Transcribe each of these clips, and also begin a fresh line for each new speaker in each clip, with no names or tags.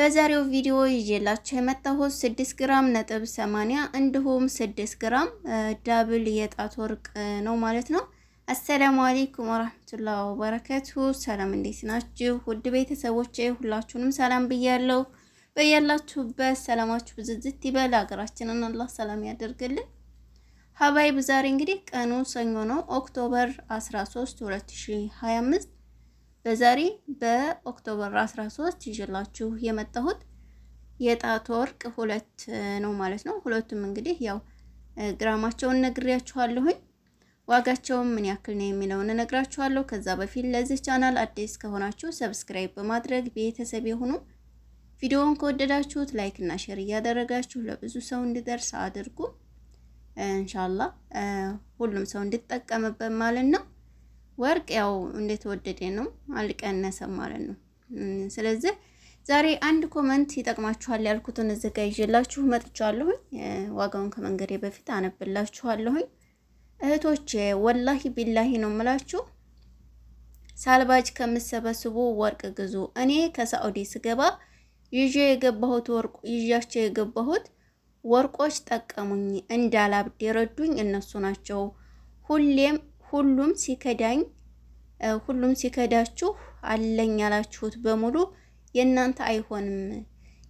በዛሬው ቪዲዮ ይዤላችሁ የመጣሁት 6 ግራም ነጥብ 80 እንዲሁም 6 ግራም ዳብል የጣት ወርቅ ነው ማለት ነው። አሰላሙ አለይኩም ወራህመቱላሂ ወበረከቱ። ሰላም እንዴት ናችሁ? ውድ ቤተሰቦቼ ሁላችሁንም ሰላም ብያለሁ። በያላችሁበት ሰላማችሁ ብዝዝት ይበል። ሀገራችንን አላህ ሰላም ያደርግልን። ሀባይብ ዛሬ እንግዲህ ቀኑ ሰኞ ነው፣ ኦክቶበር 13 2025 በዛሬ በኦክቶበር 13 ይዤላችሁ የመጣሁት የጣት ወርቅ ሁለት ነው ማለት ነው። ሁለቱም እንግዲህ ያው ግራማቸውን ነግሬያችኋለሁኝ። ዋጋቸውም ምን ያክል ነው የሚለውን እነግራችኋለሁ። ከዛ በፊት ለዚህ ቻናል አዲስ ከሆናችሁ ሰብስክራይብ በማድረግ ቤተሰብ የሆኑ ቪዲዮውን ከወደዳችሁት ላይክ እና ሼር እያደረጋችሁ ለብዙ ሰው እንዲደርስ አድርጉ። እንሻላ ሁሉም ሰው እንዲጠቀምበት ማለት ነው። ወርቅ ያው እንደተወደደ ነው፣ አልቀነሰም ማለት ነው። ስለዚህ ዛሬ አንድ ኮመንት ይጠቅማችኋል ያልኩትን እዚህ ጋ ይዤላችሁ መጥቻለሁኝ። ዋጋውን ከመንገዴ በፊት አነብላችኋለሁኝ። እህቶቼ ወላሂ ቢላሂ ነው የምላችሁ፣ ሳልባጅ ከምሰበስቡ ወርቅ ግዙ። እኔ ከሳዑዲ ስገባ ይዤ የገባሁት ወርቅ ይዣቸው የገባሁት ወርቆች ጠቀሙኝ፣ እንዳላብድ የረዱኝ እነሱ ናቸው። ሁሌም ሁሉም ሲከዳኝ ሁሉም ሲከዳችሁ አለኝ ያላችሁት በሙሉ የእናንተ አይሆንም።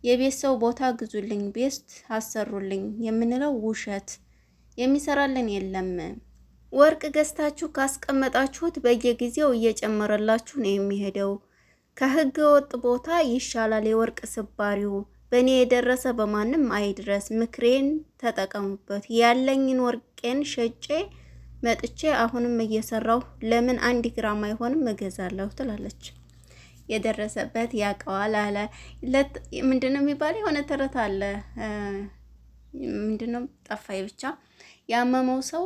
የቤት ሰው ቦታ ግዙልኝ፣ ቤት አሰሩልኝ የምንለው ውሸት፣ የሚሰራልን የለም። ወርቅ ገዝታችሁ ካስቀመጣችሁት በየጊዜው እየጨመረላችሁ ነው የሚሄደው። ከህገ ወጥ ቦታ ይሻላል የወርቅ ስባሪው። በእኔ የደረሰ በማንም አይድረስ። ምክሬን ተጠቀሙበት። ያለኝን ወርቄን ሸጬ መጥቼ አሁንም እየሰራሁ ለምን አንድ ግራም አይሆንም እገዛለሁ ትላለች። የደረሰበት ያውቀዋል አለ ምንድነው የሚባለው? የሆነ ተረት አለ ምንድነው ነው ብቻ ያመመው ሰው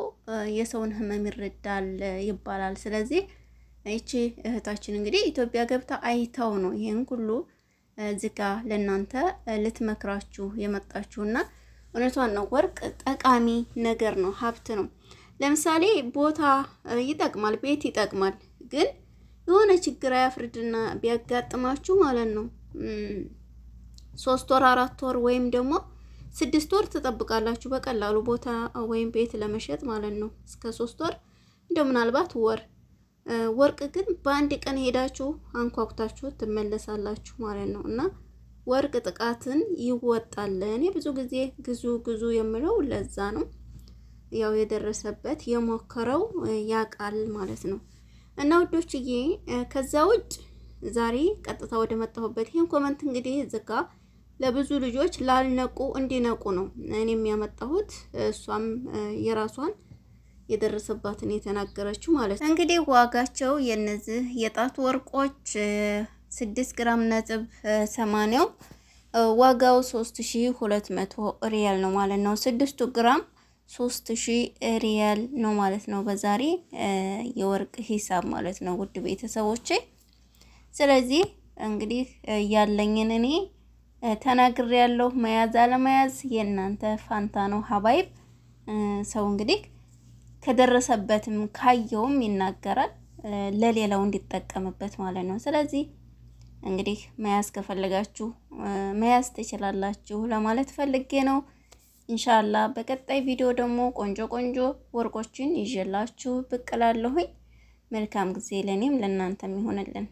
የሰውን ህመም ይረዳል ይባላል። ስለዚህ ይቺ እህታችን እንግዲህ ኢትዮጵያ ገብታ አይተው ነው ይህን ሁሉ ዝጋ ለእናንተ ልትመክራችሁ የመጣችሁና እውነቷን ነው። ወርቅ ጠቃሚ ነገር ነው፣ ሀብት ነው። ለምሳሌ ቦታ ይጠቅማል፣ ቤት ይጠቅማል። ግን የሆነ ችግር አያፍርድና ቢያጋጥማችሁ ማለት ነው ሶስት ወር አራት ወር ወይም ደግሞ ስድስት ወር ትጠብቃላችሁ በቀላሉ ቦታ ወይም ቤት ለመሸጥ ማለት ነው። እስከ ሶስት ወር እንደው ምናልባት ወር ወርቅ ግን በአንድ ቀን ሄዳችሁ አንኳኩታችሁ ትመለሳላችሁ ማለት ነው። እና ወርቅ ጥቃትን ይወጣል። እኔ ብዙ ጊዜ ግዙ ግዙ የምለው ለዛ ነው። ያው የደረሰበት የሞከረው ያቃል ማለት ነው። እና ውዶችዬ ከዛ ውጭ ዛሬ ቀጥታ ወደ መጣሁበት ይህን ኮመንት እንግዲህ ዝጋ ለብዙ ልጆች ላልነቁ እንዲነቁ ነው እኔም ያመጣሁት። እሷም የራሷን የደረሰባትን የተናገረችው ማለት ነው። እንግዲህ ዋጋቸው የነዚህ የጣት ወርቆች ስድስት ግራም ነጥብ ሰማንያው ዋጋው ሶስት ሺህ ሁለት መቶ ሪያል ነው ማለት ነው። ስድስቱ ግራም ሶስት ሺህ ሪያል ነው ማለት ነው በዛሬ የወርቅ ሂሳብ ማለት ነው ውድ ቤተሰቦቼ። ስለዚህ እንግዲህ ያለኝን እኔ ተናግር ያለው መያዝ አለመያዝ የእናንተ ፋንታ ነው ሀባይብ። ሰው እንግዲህ ከደረሰበትም ካየውም ይናገራል ለሌላው እንዲጠቀምበት ማለት ነው። ስለዚህ እንግዲህ መያዝ ከፈለጋችሁ መያዝ ትችላላችሁ ለማለት ፈልጌ ነው። እንሻላ በቀጣይ ቪዲዮ ደግሞ ቆንጆ ቆንጆ ወርቆችን ይዤላችሁ ብቅ እላለሁኝ። መልካም ጊዜ ለእኔም ለእናንተም ይሆንልን።